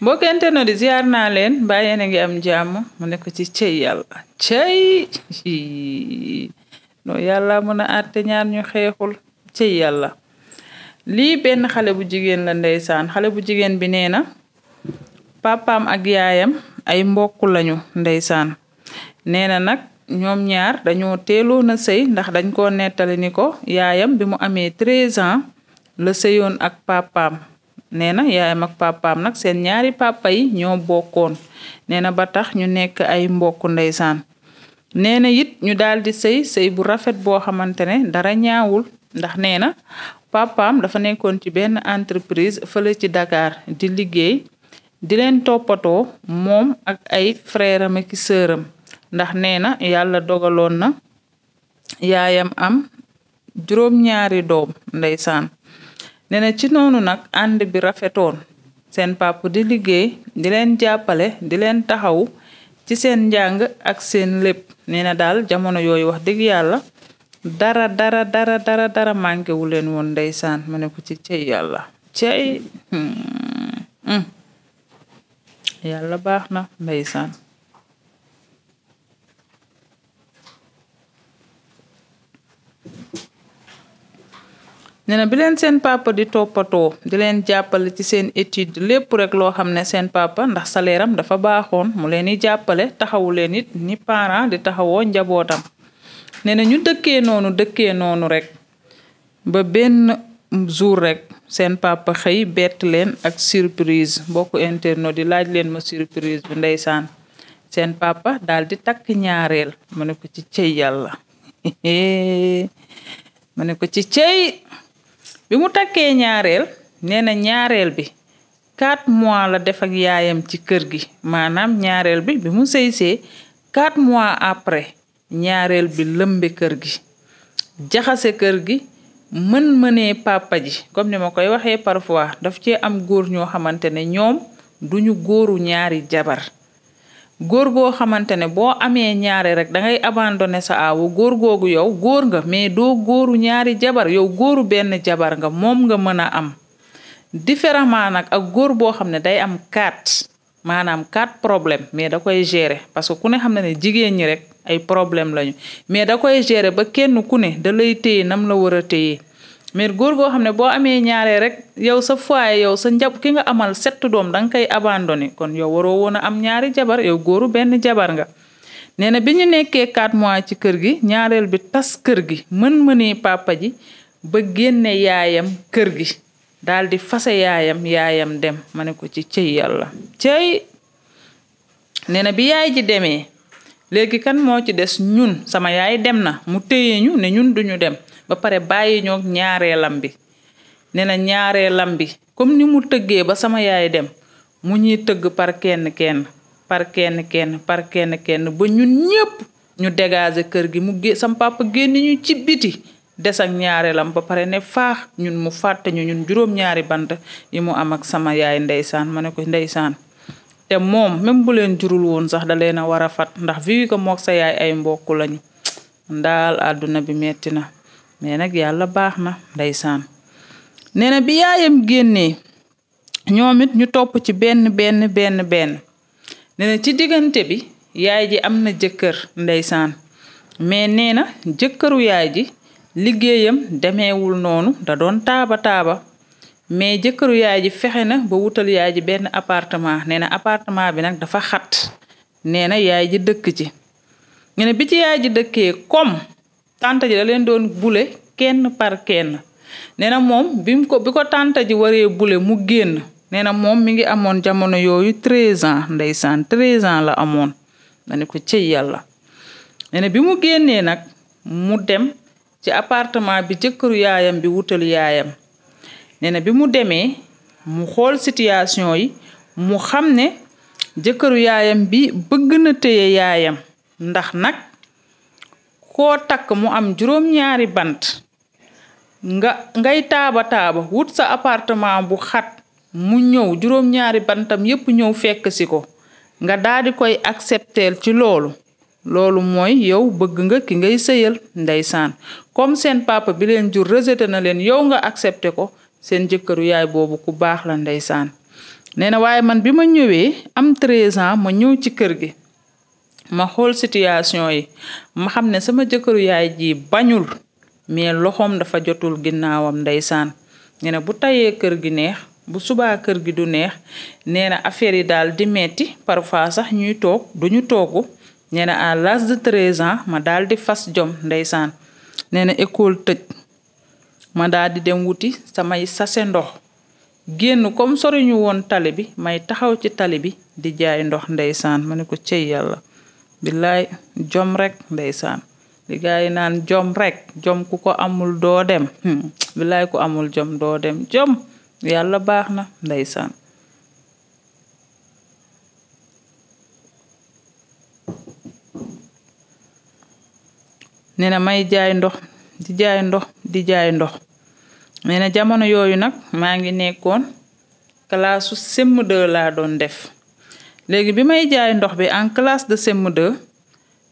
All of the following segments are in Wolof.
mbokkente no di ziar naa leen mbaa yéen a ngi am jàmm mu nekk ci cëy yàlla cëy noo yàlla mën a àtte ñaar ñu xeexul cëy yàlla lii benn xale bu jigéen la ndeysaan xale bu jigéen bi nee na papaam ak yaayam ay mbokk lañu ndeysaan nee na nag ñoom ñaar dañoo teeloon a sey ndax dañ ko nettali ni ko yaayam bi mu amee 13 ans la seyoon ak papaam neena na yaayam ak papaam nag seen ñaari papa yi ñoo bokkoon nee na ba tax ñu nekk ay mbokk ndeysaan nee na it ñu daldi sëy sëy bu rafet boo xamante ne dara ñaawul ndax nee na papaam dafa nekkoon ci benn entreprise fële ci Dakar di liggéey di leen toppatoo moom ak ay frère ak sœur am ndax nee na yàlla dogaloon na yaayam am juróom-ñaari doom ndeysaan nee ci noonu nag ànd bi rafetoon seen papa di liggéey di leen jàppale di leen taxawu ci seen njàng ak seen lép nee na daal jamono yooyu wax dëgg yàlla dara dara dara dara dara wu leen woon ndeysaan ma ne ko ci cey yàlla cey hmm, hmm. yàlla baax na ndeysaan nee na seen papa di toppatoo di leen jàppale ci seen étude lépp rek loo xam ne seen papa ndax salaire am dafa baaxoon mu leen di jàppale taxawu leen it ni parent di taxawoo njabootam nee na ñu dëkkee noonu dëkkee noonu rek ba benn jour rek seen papa xëy bett leen ak surprise mbokku internet di laaj leen ma surprise bi ndeysaan seen papa daal di takk ñaareel ma ne ko ci cey yàlla ma ne ko ci cey bi mu takkee ñaareel nee na ñaareel bi quatre mois la def ak yaayam ci kër gi maanaam ñaareel bi bi mu sëysee quatre mois après ñaareel bi lëmbe kër gi jaxase kër gi mën mënee papa ji comme ni ma koy waxee parfois daf cee am góor ñoo xamante ne ñoom duñu góoru ñaari jabar góor goo xamante ne boo amee ñaare rek da ngay abandonné sa aawu góor googu yow góor nga mais doo góoru ñaari jabar yow góoru benn jabar nga moom nga mën a am différemment nag a góor boo xam ne day am quatre maanaam quatre problème mais da koy gérer parce que ku ne xam na ne jigéen ñi rek ay problème lañu mais da koy gérer ba kenn ku ne da lay téye nam la war a téye mais góor goo xam ne boo amee ñaaree rek yow sa foyer yow sa njab ki nga amal sett doom da nga koy abandonné kon yow waroo woon am ñaari jabar yow góoru benn jabar nga. nee na bi ñu nekkee 4 mois ci kër gi ñaareel bi tas kër gi mën-mënee papa ji ba génne yaayam kër gi daldi fase yaayam yaayam dem ma ne ko ci cëy yàlla cëy nee na bi yaay ji demee léegi kan moo ci des ñun sama yaay dem na mu téye ñu ne ñun duñu dem. ba pare bàyyi ñoog ñaareelam bi nee na ñaareelam bi comme ni mu tëggee ba sama yaay dem mu ñuy tëgg par kenn kenn par kenn kenn par kenn kenn ba ñun ñépp ñu dégager kër gi mu gé sam papa génn ñu ci biti des ak ñaareelam ba pare ne faax ñun mu fàtte ñu ñun juróom-ñaari bant yi mu am ak sama yaay ndeysaan ma ne ko ndeysaan te moom même bu leen jurul woon sax da leen a war a fat ndax ko moog sa yaay ay mbokk lañu daal àdduna bi metti na mais nag yàlla baax na ndeysaan nee na bi yaayam génnee ñoom it ñu topp ci benn benn benn benn nee ci diggante bi yaay ji am na jëkkër ndeysaan mais nee na jëkkëru yaay ji liggéeyam demewul noonu da doon taaba taaba mais jëkkëru yaay ji fexe na ba wutal yaay ji benn appartement nee appartement bi nag dafa xat nee yaay ji dëkk ci nee bi ci yaay ji dëkkee comme tànta ji da leen doon bule kenn par kenn nee na moom bi ko bi ko tànta ji waree bule mu génn nee na moom mi ngi amoon jamono yooyu treize ans ndeysaan treize ans la amoon ma ne ko cëy yàlla nee bi mu génnee nag mu dem ci appartement bi jëkkëru yaayam bi wutal yaayam nee na bi mu demee mu xool situation yi mu xam ne jëkkëru yaayam bi bëgg na téye yaayam ndax nag koo takk mu am juróom-ñaari bant nga ngay taaba taaba wut sa appartement bu xat mu ñëw juróom-ñaari bantam yépp ñëw fekk si ko nga daldi koy accepteel ci loolu loolu mooy yow bëgg nga ki ngay sëyal ndeysaan comme seen papa bi leen jur rejeté na leen yow nga accepté ko seen jëkkëru yaay boobu ku baax la ndeysaan nee na waaye man bi ma ñëwee am ma ñëw ci kër gi ma xool situation yi ma xam ne sama jëkkëru yaay ji bañul mais loxoom dafa jotul ginnaawam ndeysaan nee bu tayee kër gi neex bu subaa kër gi du neex nee na affaire yi daal di metti parfois sax ñuy toog duñu toogu nee na à l'âge de treize ans ma daal di fas jom ndeysaan nee na école tëj ma daal di dem wuti samay sase ndox génn comme soriñu woon tali may taxaw ci tali bi di jaay ndox ndeysaan ma ne ko cey yàlla billaay jom rekk ndeysaan li yi naan jom rekk jom ku ko amul doo dem hmm, billaay ku amul jom doo dem jom yàlla baax na ndeysaan nee na may jaay ndox di jaay ndox di jaay ndox nee na jamono yooyu nag maa ngi nekkoon kalaasu sem de laa doon def léegi bi may jaay ndox bi en classe de cm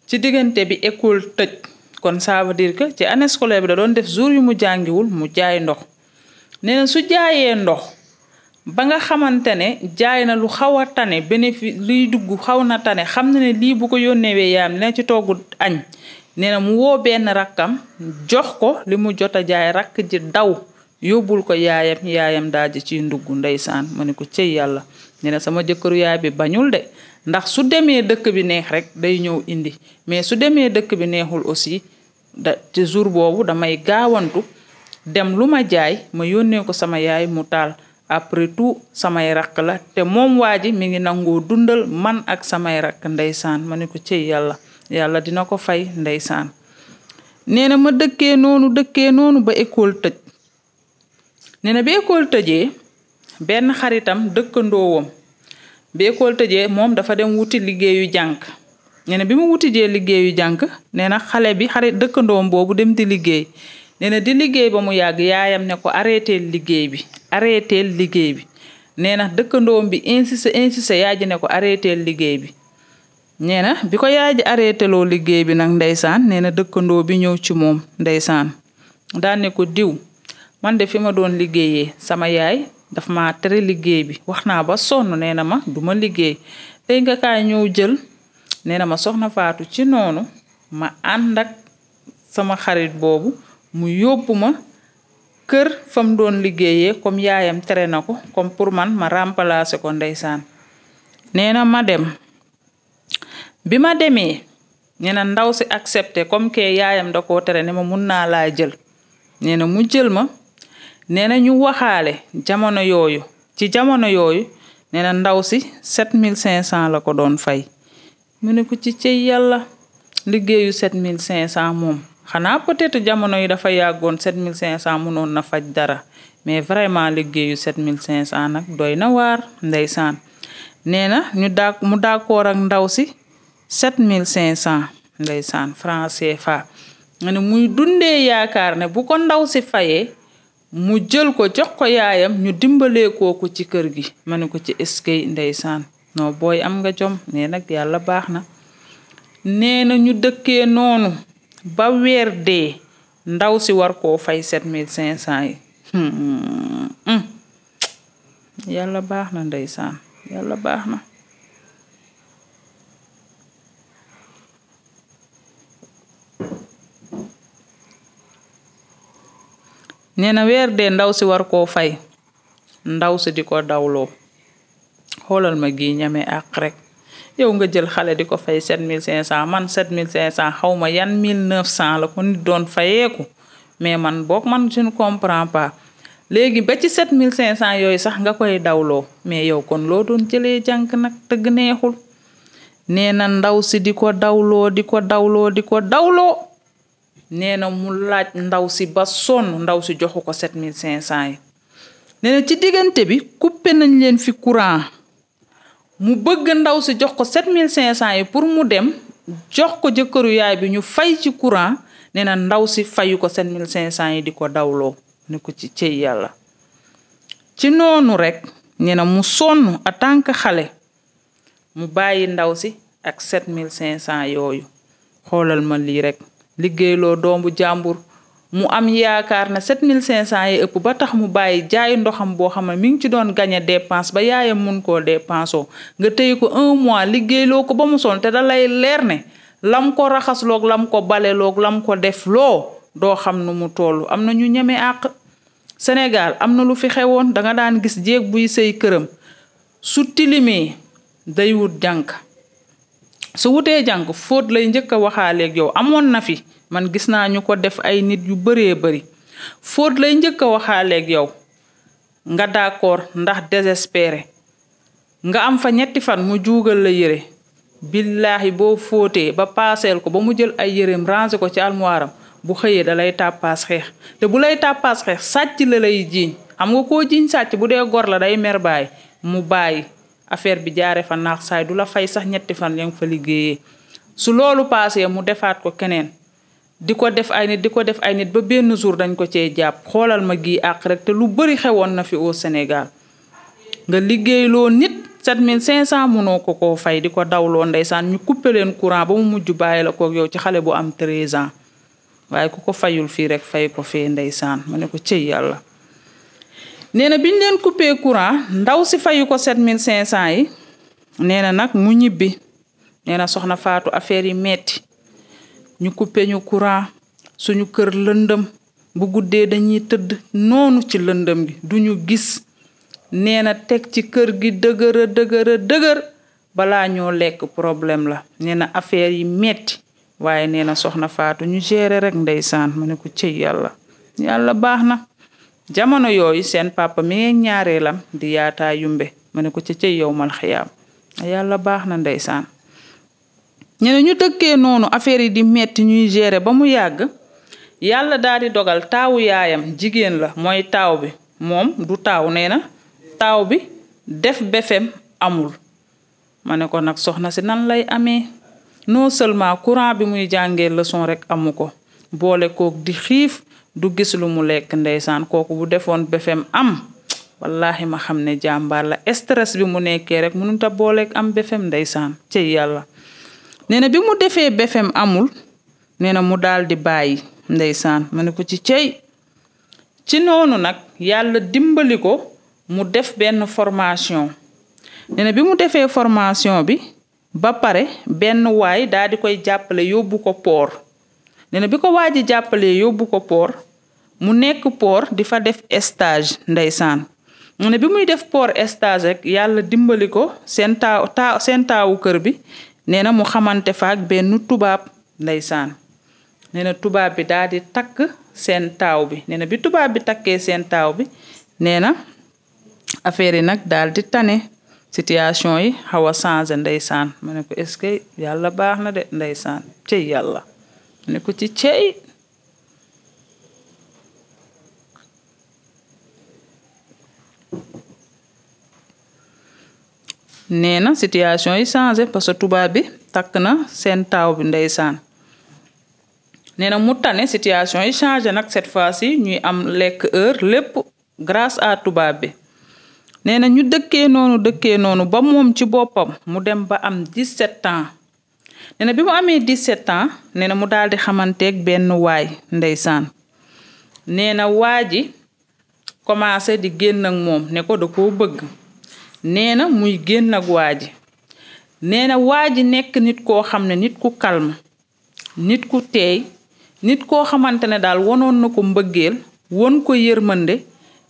ci diggante bi école tëj kon ça veut que ci année scolaire bi da doon def jour yu mu jàngiwul mu jaay ndox nee su jaayee ndox ba nga xamante ne jaay na lu xaw a tane bénéfice luy dugg xaw na tane xam na ne lii bu ko yónneewee yaam ne ci toggu añ nee na mu woo benn rakkam jox ko li mu jot a jaay rakk ji daw yóbbul ko yaayam yaayam daaji ci nduggu ndeysaan ma ne ko cëy yàlla ñu sama jëkkëru yaay bi bañul de ndax su demee dëkk bi neex rek day ñëw indi mais su demee dëkk bi neexul aussi da ci jour boobu damay gaawantu dem lu ma jaay ma yónnee ko sama yaay mu taal après tout samay rakk la te moom waa ji mi ngi nangoo dundal man ak samay rakk ndeysaan ma ne ko cëy yàlla yàlla dina ko fay ndeysaan nee na ma dëkkee noonu dëkkee noonu ba école tëj nee na ba école tëjee benn xaritam dëkkandoowam bi école tëjee moom dafa dem wuti liggéeyu jànk nee na bi mu wuti jee liggéeyu jànk nee na xale bi xarit dëkkandoowam boobu dem di liggéey nee di liggéey ba mu yàgg yaayam ne ko arrêté liggéey bi arrêté liggéey bi nee na dëkkandoom bi insisté insisté ne ko arrêté liggéey bi nee na bi ko yaay arrêté loo liggéey bi nag ndeysaan nee na dëkkandoo bi ñëw ci moom ndeysaan daane ko diw man de fi ma doon liggéeyee sama yaay daf ma tere liggéey bi wax naa ba sonn nee na ma du ma liggéey tey nga kaay ñëw jël nee na ma soxna Faatu ci noonu ma ànd ak sama xarit boobu mu yóbbu kër fam doon liggéeyee comme yaayam tere na ko comme pour man ma remplacer ko ndeysaan nee na ma dem bi ma demee nee ndaw si accepté comme que yaayam da ko tere ne ma mun naa laa jël nee na mu jël ma nee na ñu waxaale jamono yooyu ci jamono yooyu nee na ndaw si sept mille cinq cent la ko doon fay mu ne ko ci cëy yàlla liggéeyu sept mille cinq cent moom xanaa peut-être jamono yi dafa yàggoon sept mille cinq cent mënoon na faj dara mais vraiment liggéeyu sept mille cinq cent nag doy na waar ndeysaan nee na ñu daa mu ak ndaw si sept mille cinq cent ndeysaan franc CFA dundee yaakaar ne bu ko ndaw si fayee mu jël ko jox ko yaayam ñu dimbalee ko ci kër gi ma ne ko ci eskay ndeysaan non booy am nga jom nee nag yàlla baax na nee na ñu dëkkee noonu ba weer dee ndaw si war koo fay sept mille cinq cent yi hmm, hmm, hmm. yàlla baax na ndeysaan yàlla baax na nee na weer dee ndaw si war koo fay ndaw si di ko dawloo xoolal ma gii ñamee àq rek yow nga jël xale di ko fay 7500 man 7500 xaw ma yan 1900 la ko nit doon fayeeku mais man boog man je ne comprends pas léegi ba ci cinq 7500 yooyu sax nga koy dawloo mais yow kon loo doon jëlee jànk nag tëgg neexul nee na ndaw si di ko dawloo di ko dawloo di ko dawloo nee na mu laaj ndaw si ba sonn ndaw si joxu ko sept mille cinq cent yi nee ci diggante bi kuppe nañ leen fi courant mu bëgg ndaw si jox ko sept mille cinq cent yi pour mu dem jox ko jëkkëru yaay bi ñu fay ci courant nee na ndaw si fayu ko sept mille cinq cent yi di ko dawloo ni ko ci cëy yàlla ci noonu rekk nee mu sonn en tant que xale mu bàyyi ndaw si ak sept mille cinq cent yooyu xoolal ma lii rekk liggéeyloo doombu jàmbur mu am yaakaar ne 7500 yi ëpp ba tax mu bàyyi jaay ndoxam boo xam ne mi ngi ci doon gagné dépense ba yaayam mun koo dépensoo nga tëye ko un mois liggéeyloo ko ba mu sonn te da lay leer ne lam ko raxasloog lam ko baleloog lam ko def loo doo xam nu mu toll am na ñu ñeme àq Sénégal am na lu fi xewoon danga daan gis jéeg buy sëy këram su tilimee day wut su wutee jànk fóot lay njëkk a waxaaleeg yow amoon na fi man gis naa ñu ko def ay nit yu bëree bëri fóot lay njëkk a waxaaleeg yow nga d'accord ndax désespéré nga am fa ñetti fan mu juugal la yére billaahi boo fóotee ba paaseel ko ba mu jël ay yéreem ranger ko ci almuwaaram bu xëyee da lay tàppaas xeex te bu lay tàppaas xeex sàcc la lay jiiñ xam nga ko jiiñ sàcc bu dee gor la day mer baay mu bàyyi affaire bi jaare fa naax saay du la fay sax ñetti fan yaa ngi fa liggéeyee su loolu paasee mu defaat ko keneen di ko def ay nit di ko def ay nit ba benn jour dañ ko cee jàpp xoolal ma gii àq rek te lu bëri xewoon na fi au Sénégal nga liggéey loo nit 7500 munoo ko ko fay di ko dawloo ndeysaan ñu coupé leen courant ba mu mujj bàyyi la kook yow ci xale bu am 13 ans waaye ku ko fayul fii rek fay ko fee ndeysaan ma ne ko cëy yàlla nee na biñ leen coupé courant ndaw si fayu ko set 7500 yi nee na nag mu ñibbi nee na soxna Faatu affaire yi metti ñu coupé ñu courant suñu kër lëndëm bu guddee dañuy tëdd noonu ci lëndëm gi duñu gis neena teg ci kër gi dëgëra dëgëra dëgër bala ñoo lekk problème la neena na affaire yi metti waaye nee na soxna Faatu ñu gérer rek ndeysaan ma ne ko cëy yàlla baax na jamono yooyu seen papa mi ngeen ñaareelam di yaataa yumbe ma ne ko ca cëy yow mal yàlla baax na ndeysaan ñu ñu dëkkee noonu affaire yi di metti ñuy gérer ba mu yàgg yàlla daal di dogal taawu yaayam jigéen la mooy taaw bi moom du taaw nee na taaw bi def befem amul ma ne ko nag soxna si nan lay amee non seulement courant bi muy jàngee leçon rekk amu ko boole kook di xiif du gis lu mu lekk ndeysaan kooku bu defoon befem am wallahi ma xam ne jàmbaar la stress bi mu nekkee rek mënut a booleeg am befem ndeysaan cey yàlla nee na bi mu defee befem amul nee na mu daldi di bàyyi ndeysaan ma ne ko ci cey ci noonu nag yàlla dimbali ko mu def benn formation nee bi mu defee formation bi ba pare benn waay daa di koy jàppale yóbbu ko poor nee na bi ko waa ji jàppalee yóbbu ko poor mu nekk poor di fa def stage ndeysaan mu ne bi muy def port stage rek yàlla dimbali ko seen taaw taawu kër bi nee na mu xamante fa ak benn tubaab ndeysaan nee na tubaab bi daal di takk seen taaw bi nee na bi tubaab bi takkee seen taaw bi nee na affaire yi nag daal di tane situation yi xaw a changé ndeysaan ma ne ko est-ce que yàlla baax na de ndeysaan cey yàlla ne ci cey nee na situation yi changé parce que tubaab bi takk na seen taaw bi ndeysaan nee na mu tane situation yi changé nag cette fois-ci ñuy am lekk heure lépp grâce à tubaab bi nee na ñu dëkkee noonu dëkkee noonu ba moom ci boppam mu dem ba am 17 ans nee na bi mu amee 17 ans nee na mu daal di xamanteeg benn waay ndeysaan nee na waa ji commencé di génn moom ne ko da koo bëgg nee na muy génn waa ji nee na waa ji nekk nit koo xam ne nit ku calme nit ku teey nit koo xamante ne daal wonoon na ko mbëggeel won ko yërmande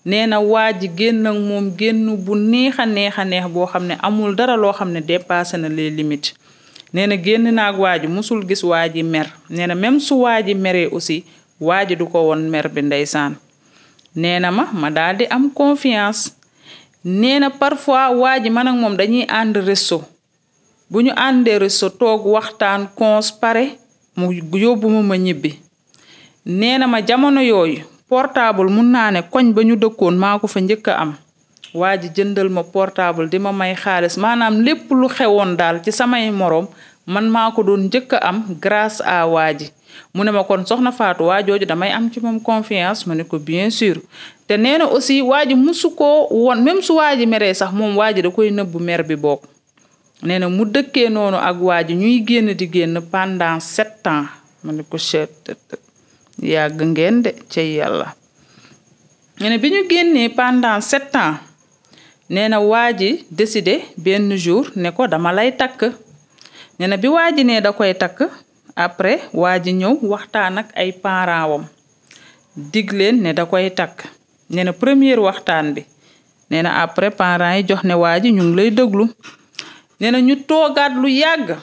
nee na waa ji génn moom génn bu neex a neex a neex boo xam ne amul dara loo xam ne dépassé na les limites nee na génn naag waa ji musul gis waa ji mer nee na même su waa ji meree aussi waa du ko woon mer bi ndeysaan nee na ma ma daal di am confiance nee na parfois waa ji man ak moom dañuy ànd resto bu ñu àndee resto toog waxtaan cons pare mu yóbbu ma ma ñibbi nee na ma jamono yooyu portable mun naa ne koñ ba ñu dëkkoon maa ko fa njëkk a am waa ji jëndal ma portable di ma may xaalis maanaam lépp lu xewoon daal ci samay moroom man maa ko doon njëkk a am grâce à waa ji mu ne ma kon soxna Fatou waa jooju damay am ci moom confiance ma ne ko bien sûr te nee na aussi waa ji musu koo woon même su waa ji meree sax moom waa ji da koy nëbbu mer bi bokk nee na mu dëkkee noonu ak waa ji ñuy génn di génn pendant sept ans ma ko chet yàgg ngeen de ca yàlla nee bi ñu génnee pendant sept ans nee na waa ji décidé benn jour ne ko dama lay takk nee na bi waa ji ne da koy takk après waa ji ñëw waxtaan ak ay parents wam dig leen ne da koy takk nee na première waxtaan bi nee na après parents yi jox ne waa ji ñu lay déglu nee na ñu toogaat lu yàgg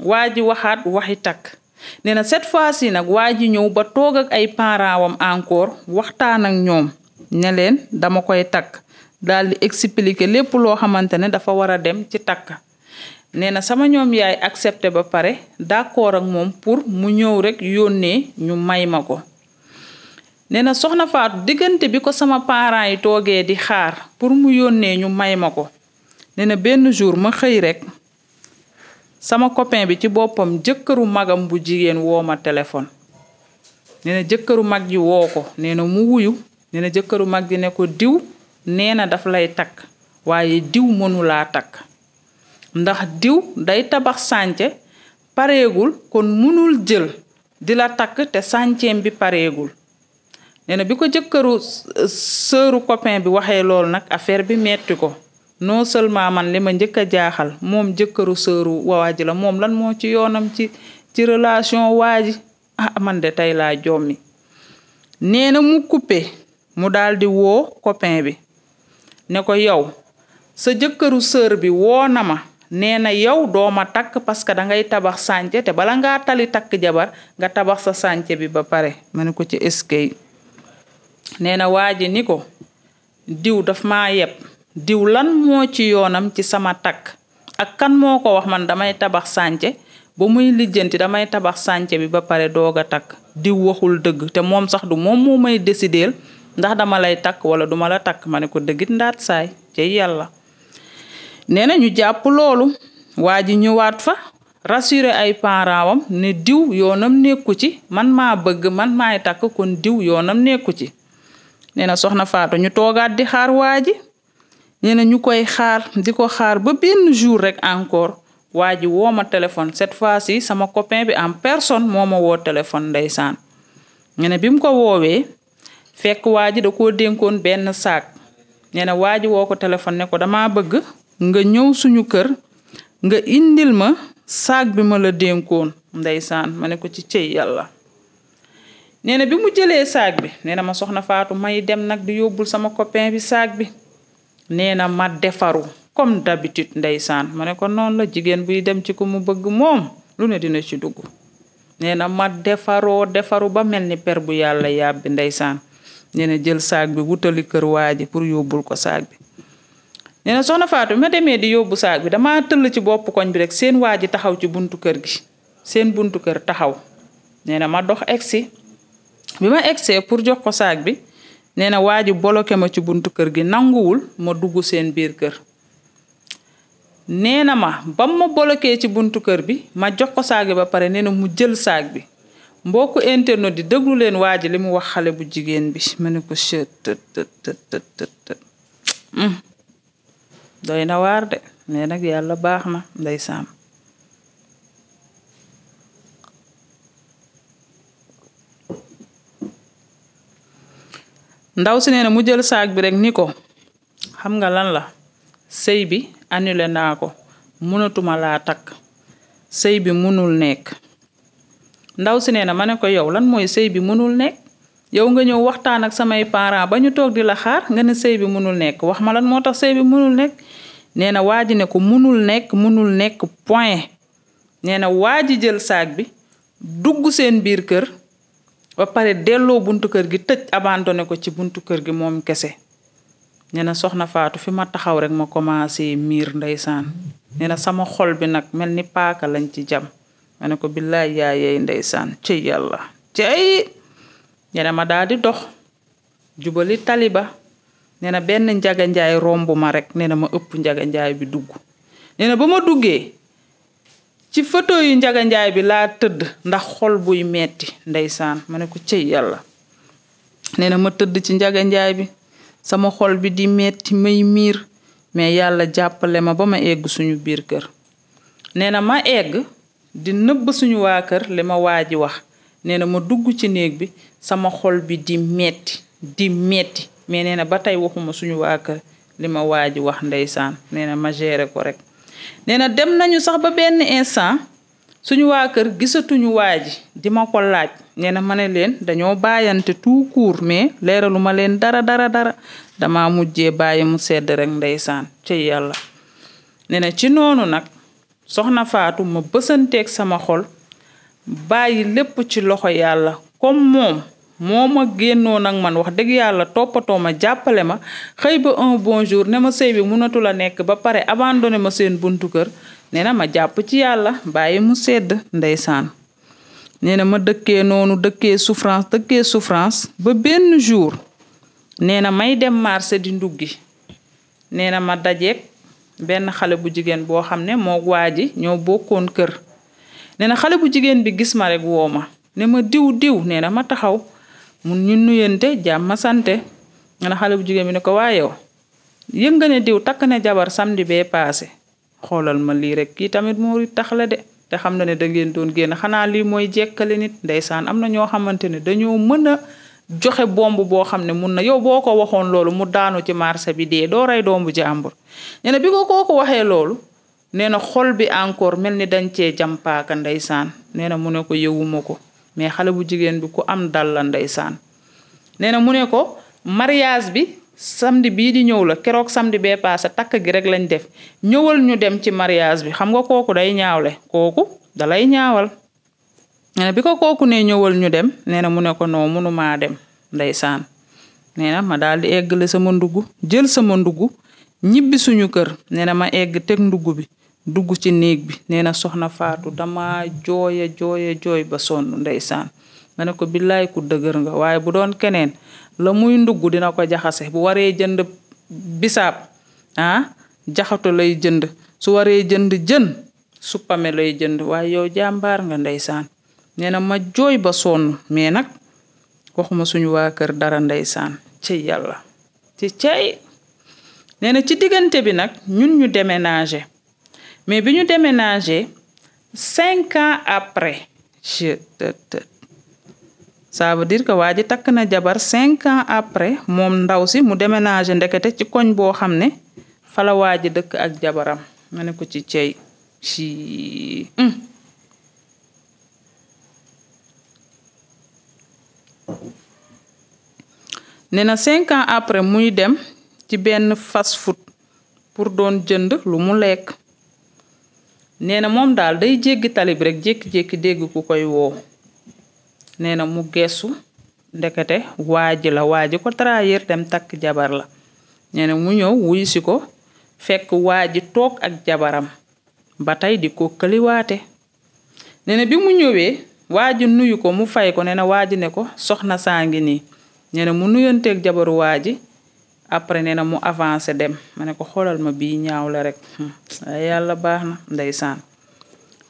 waa ji waxaat waxi takk nee na cette fois ci nag waa ji ñëw ba toog ak ay parents wam encore waxtaan ak ñoom ne leen dama koy takk dal di expliquer lépp loo xamante ne dafa war a dem ci takk nee na sama ñoom yaay accepté ba pare d'accord ak moom pour mu ñëw rekk yónnee ñu may ma ko nee na soxna diggante bi ko sama parents yi toogee di xaar pour mu yónnee ñu may ma ko nee na benn jour ma xëy rek sama copain bi ci boppam jëkkëru magam bu jigéen woo ma téléphone nena jëkkëru mag ji woo ko nee na mu wuyu nee jëkkëru mag ji ne ko diw nee na daf lay takk waaye diw mënulaa takk ndax diw day tabax sànce pareegul kon mënul jël di la takk te sànceem bi pareegul nee bi ko jëkkëru sëru copain bi waxee lool nag affaire bi metti ko non seulement man li ma jaaxal moom jëkkëru sëru waa la moom lan moo ci yoonam ci ci relation waa ji ah man de tey laa jommi nee na mu coupé mu daal di woo copain bi ne ko yow sa jëkkëru sër bi woo na ma nee na yow dooma takk parce que da ngay tabax sànce te bala ngaa tali takk jabar nga tabax sa sànce bi ba pare ma ne ko ci eskay nee na waa ji ni ko diw dafa ma yeb diw lan moo ci yoonam ci sama takk ak kan moo ko wax man damay tabax sànce ba muy lijjanti damay tabax sànce bi ba pare doog a takk diw waxul dëgg te moom sax du moom moo may décideel ndax dama lay takk wala duma la takk ma ne ko dëggit ndaat saay ca yàlla nee na ñu jàpp loolu waa ji ñëwaat fa rassuré ay parents wam ne diw yoonam nekku ci man maa bëgg man maay takk kon diw yoonam nekku ci nee na soxna faato ñu toogaat di xaar waa ji nee na koy xaar di ko xaar ba benn jour rek encore waa ji woo ma téléphone cette fois-ci sama copin bi en personne moo ma woo téléphone ndeysaan nee na ko woowee fekk waa ji da koo dénkoon benn saak nee na waa woo ko téléphone ne ko dama bëgg nga ñëw suñu kër nga indil ma saak bi ma la dénkoon ndeysaan ma ne ko ci cëy yàlla nee na bi mu jëlee saag bi nee na ma soxna Faatu may dem nag yóbbul sama copain bi saak bi nee na ma defaru comme d'habitude ndeysaan ma ne ko noonu la jigéen buy dem ci ku mu bëgg moom lu ne dina ci dugg nee na ma defaroo defaru ba mel ni per bu yàlla yàbbi ndeysaan nee na jël saag bi wutali kër waa ji pour yóbbul ko saag bi nee na soxna Fatou bi ma demee di yóbbu saag bi damaa tëll ci bopp koñ bi rek seen waa ji taxaw ci buntu kër gi seen buntu kër taxaw nee na ma dox egsi bi ma egsee pour jox ko saag bi nee na waa ji bloqué ma ci buntu kër gi nanguwul ma dugg seen biir kër nee na ma ba ma bloqué ci buntu kër bi ma jox ko saag bi ba pare nee na mu jël saag bi mbokku internet di déglu leen waa ji li mu wax xale bu jigéen bi ma ne ko chët tët tët tët doy na waar de mais nag yàlla baax na ndey saam ndaw si nee na mu jël saag bi rek ni ko xam nga lan la sëy bi annulé naa ko mënatuma laa takk sëy bi mënul nekk ndaw si nee na ma ne ko yow lan mooy sëy bi mënul nekk yow nga ñëw waxtaan ak samay parents ba ñu toog di la xaar nga ne sëy bi mënul nekk wax ma lan moo tax sëy bi mënul nekk nee na waa ji ne ko mënul nekk mënul nekk point nee na waa ji jël saag bi dugg seen biir kër ba pare delloo buntu kër gi tëj ne ko ci buntu kër gi moom kese nee na soxna Faatu fi ma taxaw rekk ma commencé miir ndeysaan nee sama xol bi nag mel ni paaka lañ ci jam ma ne ko billaay yaayee ndeysaan ci yàlla cey ñene ma daal di dox jubali taliba nee na benn njaga njaay romb ma rek nee na ma ëpp njaga njaay bi dugg nee ba ma duggee ci photo yu njaga njaay bi laa tëdd ndax xol buy metti ndeysaan ma ne ko cëy yàlla nee na ma tëdd ci njaga njaay bi sama xol bi di metti may miir mais yàlla jàppale ma ba ma egg suñu biir kër nee na ma egg di nëbb suñu waa kër li ma waa ji wax nee na ma dugg ci néeg bi sama xol bi di metti di metti mais nee na ba tey waxuma suñu waa kër li ma waa ji wax ndeysaan nee na ma géré ko rek nee na dem nañu sax ba benn instant suñu waa kër gisatuñu waa ji di ma ko laaj nee na ma ne leen dañoo bàyyante tout court mais leeraluma leen dara dara dara dama mujje bàyyi mu sedd rek ndeysaan ci yàlla nee na ci noonu nag soxna faatu ma bësanteeg sama xol bàyyi lépp ci loxo yàlla comme moom ma génnoon ak man wax dëgg yàlla toppatoo ma jàppale ma xëy ba un bon jour ne ma sëy bi mënatul a nekk ba pare abandonné ma seen buntu kër nee na ma jàpp ci yàlla bàyyi mu sedd ndeysaan nee na ma dëkke noonu dëkkee souffrance dëkkee souffrance ba benn jour nee na may dem marché di nduggi nee na ma dajeek benn xale bu jigéen boo xam ne moo waa ji ñoo bokkoon kër nee na xale bu jigéen bi gis ma rek woo ma ne ma diw diw nee na ma taxaw mun ñu nuyante jàmm sante nee na xale bu jigéen bi ne ko waaye yow yëg nga ne diw takk na jabar samedi bee paase xoolal ma lii rek kii tamit moo tax la de te xam na ne da ngeen doon génn xanaa lii mooy jekkale nit ndeysaan am na ñoo xamante ne dañoo mën a joxe bomb boo xam ne mun na yow boo ko waxoon loolu mu daanu ci marché bi dee doo rey doomu jàmbur nee bi ko kooku waxee loolu nee na xol bi encore mel ni dañ cee jàmpaaka ndeysaan nee na mu ne ko yëwuma ko mais xale bu jigéen bi ku am dal la ndeysaan nee na mu ne ko mariage bi samedi bii di ñëw la keroog samedi bee paase takk gi rek lañ def ñëwal ñu dem ci mariage bi xam nga kooku day ñaawle kooku dalay ñaawal nee bi ko kooku ne ñëwal ñu dem nee na mu ne ko noo maa dem ndeysaan nee ma daal di eggale sama ndugg jël sama ndugg ñibbi suñu kër nee na ma egg teg ndugg bi dugg ci néeg bi nee na soxna Faatu dama jooya jooya jooy ba sonn ndeysaan ma ne ko billaay ku dëgër nga waaye bu doon keneen la muy ndugg dina ko jaxase bu waree jënd bisaab ah, jaxato lay jënd su waree jënd jën suppame lay jënd waaye yow jàmbaar nga ndeysaan nee na ma jooy ba sonn mais nag waxuma suñu waa kër dara ndeysaan ci yàlla ci cay nee na ci diggante bi nag ñun ñu déménager mais bi ñu déménager cinq ans après je ça veut dire que waa ji takk na jabar cinq ans après moom ndaw si mu déménager ndekete ci koñ boo xam ne fala waa ji dëkk ak jabaram ma ne ko ci cey ci nee na cinq ans après muy dem ci benn fast food pour doon jënd lu mu lekk nee na moom daal day jéggi tali rekk jékki-jékki dégg ku koy woow nee na mu geesu ndekete waa ji la waa ko trahir dem takk jabar la nee mu ñëw wuyu ko fekk waa ji toog ak jabaram ba tey di ko këliwaate nee bi mu ñëwee waa ji nuyu ko mu fay ko nee na waa ji ne ko soxna saa ngi nii nee na mu nuyonteeg jabaru waa ji après nee na mu avancé dem ma ne ko xoolal ma bii ñaaw la rek hmm. ay yàlla baax na ndeysaan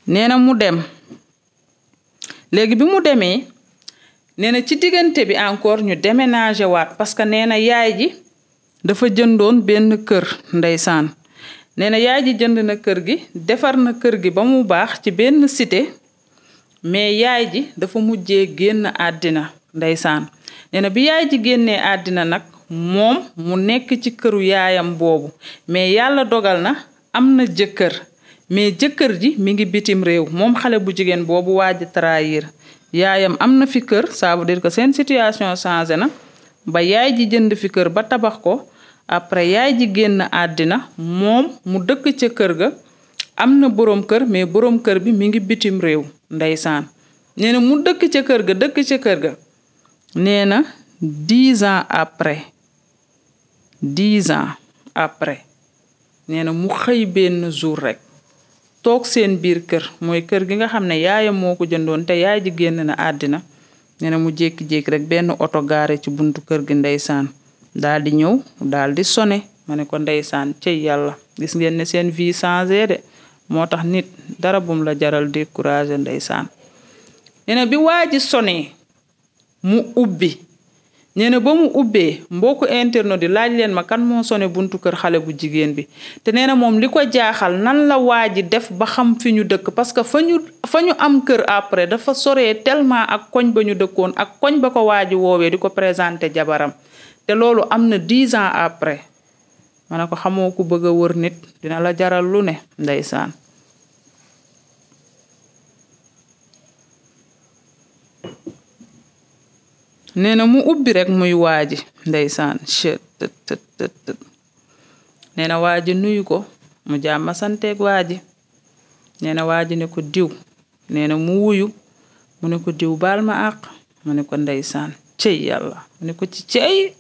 nee na mu dem léegi bi mu demee nee na ci diggante bi encore ñu déménagé waat parce que nee na yaay ji dafa jëndoon benn kër ndeysaan nee na yaay ji jënd na kër gi defar na kër gi ba mu baax ci benn cité mais yaay ji dafa mujjee génn àddina ndeysaan nee na bi yaay ji génnee àddina nag moom mu nekk ci këru yaayam boobu mais yàlla dogal na am na jëkkër mais jëkkër ji mi ngi bitim réew moom xale bu jigéen boobu waaj trahir yaayam am na fi kër ça veut dire que seen situation changé na ba yaay ji jënd fi kër ba tabax ko après yaay ji génn àddina moom mu dëkk ca kër ga am na boroom kër mais boroom kër bi mi ngi bitim réew ndeysaan nena mu dëkk ca kër ga dëkk ca kër ga nee na dix ans après dix ans après nee na mu xëy benn jour rek toog seen biir kër mooy kër gi nga xam ne yaayam moo ko jëndoon te yaay ji génn na àddina nee na mu jékki-jékki rek benn oto gaare ci buntu kër gi ndeysaan daal di ñëw daal di sone ma ne ko ndeysaan gis ngeen seen vie changé de moo tax nit dara bum la jaral découragé ndeysaan nee na bi waa ji sonee mu ubbi nee na ba mu ubbee mbokku internet di laaj leen ma kan moo sone buntu kër xale bu jigéen bi te nee na moom li ko jaaxal nan la waa ji def ba xam fi ñu dëkk parce que fa ñu fa ñu am kër après dafa soree tellement ak koñ ba ñu dëkkoon ak koñ ba ko waa ji woowee di ko présenté jabaram te loolu am na dix ans après ma ko xamoo ku bëgg a wër dina la jaral lu ne ndeysaan nee na mu ubbi rek muy waaji ndeysaan chet tët tët tët waaji nuyu ko mu jàmma santeeg waaji nee na waaji ne ko diw nee na mu wuyu mu ne ko diw baal ma àq mu ne ko ndeysaan cey yàlla mu ne ko ci cey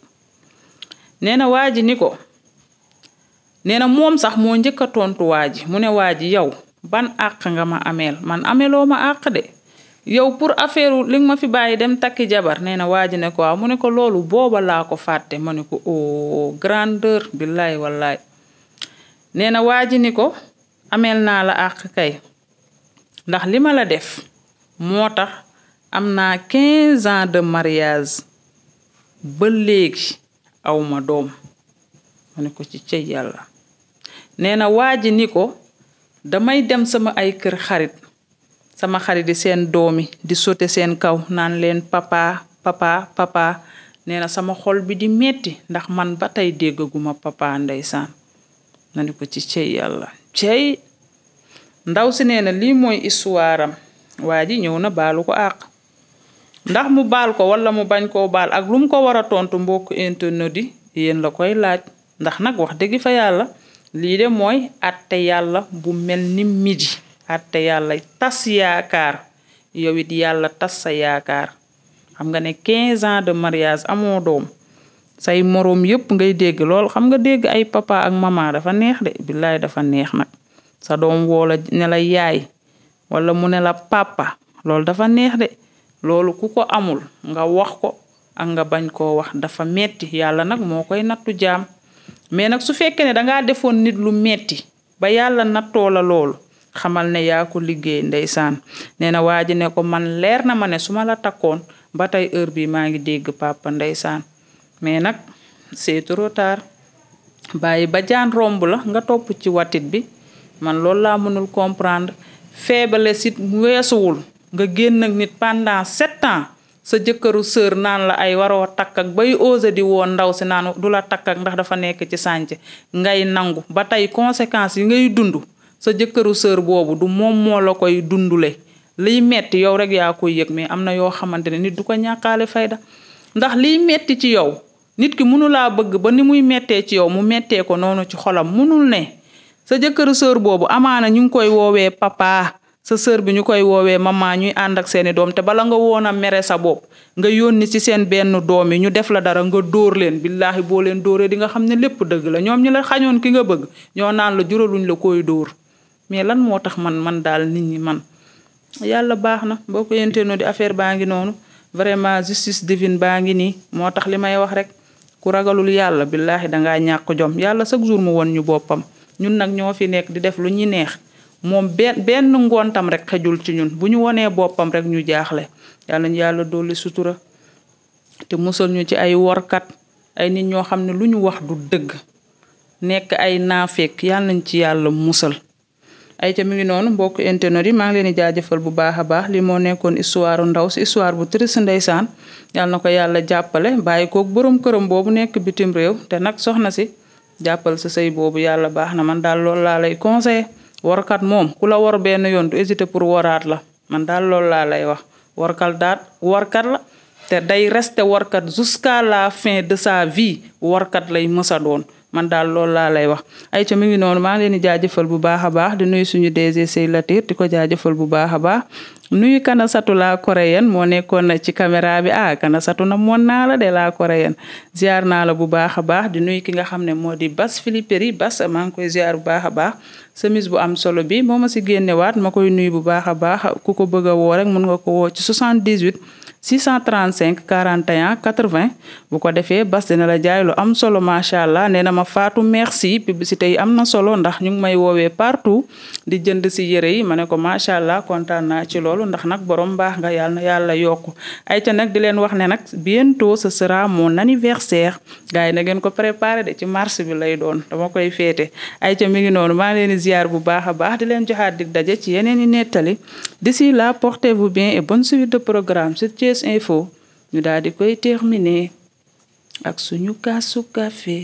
nee waaji ni ko nee na moom sax moo njëkk a tontu waa ji mu ne waa ji yow ban àq nga ma ameel man ameloo ma àq de yow pour affaire li ma fi bàyyi dem takki jabar nee na waa ji ne ko waaw mu ne ko loolu booba laa ko fàtte ma ne ko o oh, grandeur billaay wallaay nee na waa ji ni ko ameel naa la àq kay ndax li ma la def moo tax am naa quinze ans de mariage ba léegi awma doom ma ne ko ci cëy yàlla nee na waa ji ni ko damay dem sama ay kër xarit sama xarit yi seen doomi di sote seen kaw naan leen papa papa papa nee na sama xol bi di metti ndax man ba tey déggaguma papa ndeysaan na ko ci cey yàlla cey ndaw si nee na lii mooy histoire am waa ji ñëw na baalu ko àq ndax mu baal ko walla mu bañ koo baal ak lu mu ko war a tontu mbokk internet yi yéen la koy laaj ndax nag wax dëgg fa yàlla lii de mooy àtte yàlla bu mel ni midi àtte yàlla tas yaakaar yow it yàlla tas sa yaakaar xam nga ne 15 ans de mariage amoo doom say moroom yëpp ngay dégg lool xam nga dégg ay papa ak mama dafa neex de billaay dafa neex nag sa doom woola nela yaay walla mu ne la papa loolu dafa neex de loolu ku ko amul nga wax ko a nga bañ koo wax dafa metti yàlla nag moo koy nattu jaam mais nag su fekkee ne dangaa defoon nit lu metti ba yàlla na la loolu xamal ne yaako liggéey ndeysaan nee na waa ji ne ko man leer na ma ne su ma la takkoon ba tey heure bi maa ngi dégg papa ndeysaan mais nag c'est trop bàyyi ba jaan romb la nga topp ci watit bi man loolu laa mënul comprendre faiblesse it weesuwul nga génn ak nit pendant sept ans sa jëkkëru sër naan la ay waroo takk bay osé di woon ndaw si naan du la takk ndax dafa nekk ci sànce ngay nangu ba tey conséquences yi ngay dund sa jëkkëru sër boobu du moom moo la koy dundule liy metti yow rek yaa koy yëg mais am na yoo xamante ne nit du ko ñàkkaale fayda ndax lii metti ci yow nit ki mënulaa bëgg ba ni muy mettee ci yow mu mettee ko noonu ci xolam munul ne sa jëkkëru sër boobu amaana ñu ngi koy woowee papa sa sœur bi ñu koy woowee ma maman ñuy ànd ak seeni doom te bala nga woon a mere sa bopp nga yónni ci seen benn doom yi ñu def la dara nga dóor leen billaahi boo leen dóoree di nga xam ne lépp dëgg la ñoom ñu la xañoon ki nga bëgg ñoo naan la juraluñ la koy dóor mais lan moo tax man man daal nit ñi man yàlla baax na boo ko yenteenoo di affaire baa ngi noonu vraiment justice divine baa ngi nii moo tax li may wax rek ku ragalul yàlla billaahi dangaa ñàkk jom yàlla chaque jour mu won ñu boppam ñun nag ñoo fi nekk di def lu ñuy neex moom benn benn ngoontam rek xejul ci ñun bu ñu wonee boppam rek ñu jaaxle yàlla ñu yàlla dolli sutura te musal ñu ci ay workat ay nit ñoo xam ne lu ñu wax du dëgg nekk ay naafeek yàlla nañ ci yàlla musal ay ca mi ngi mbokk internet yi maa ngi leen di jaajëfal bu baax a baax li moo nekkoon histoire ndaw si histoire bu triste ndeysaan yàlla na ko yàlla jàppale bàyyi koog borom këram boobu nekk bitim réew te nag soxna si jàppal sa sëy boobu yàlla baax na man warkat moom ku la war benn yoon du hésité pour waraat la man daal loolu laa lay wax warkal daat warkat la day reste warkat jusqu'à la fin de sa vie warkat lay mës a doon man daal loolu laa lay wax ay ca mi ngi noonu maa ngi leen di jaajëfal bu baax a baax di nuyu suñu DG Sey Latir di ko jaajëfal bu baax a baax nuyu Kanasatu la coréenne moo nekkoon na ci caméra bi ah satu na moon naa la de la coréenne ziar naa la bu baax a baax di nuyu ki nga xam ne moo di Bas Filiperi Bas maa ngi koy ziar bu baax a baax semis bu am solo bi moo ma si génnewaat ma koy nuyu bu baax a baax ku ko bëgg a woo rek mun nga ko woo ci 78. 635 41 80 bu ko defee bas dina la jaay lu am solo macha allah nee na ma faatu merci publicité yi am na solo ndax ñu ngi may woowee partout di jënd si yére yi ma ne ko macha allah kontaan naa ci loolu ndax nag borom baax nga yàlla na yàlla yokku ay ca nag di leen wax ne nag bientôt ce sera mon anniversaire gars yi na ngeen ko préparé de ci mars bi lay doon dama koy féete ay ca mi ngi noonu maa leen di ziar bu baax a baax di leen joxaat dig daje ci yeneen i nettali d'ici programme Thiès Info ñu daal koy terminer ak suñu kaasu café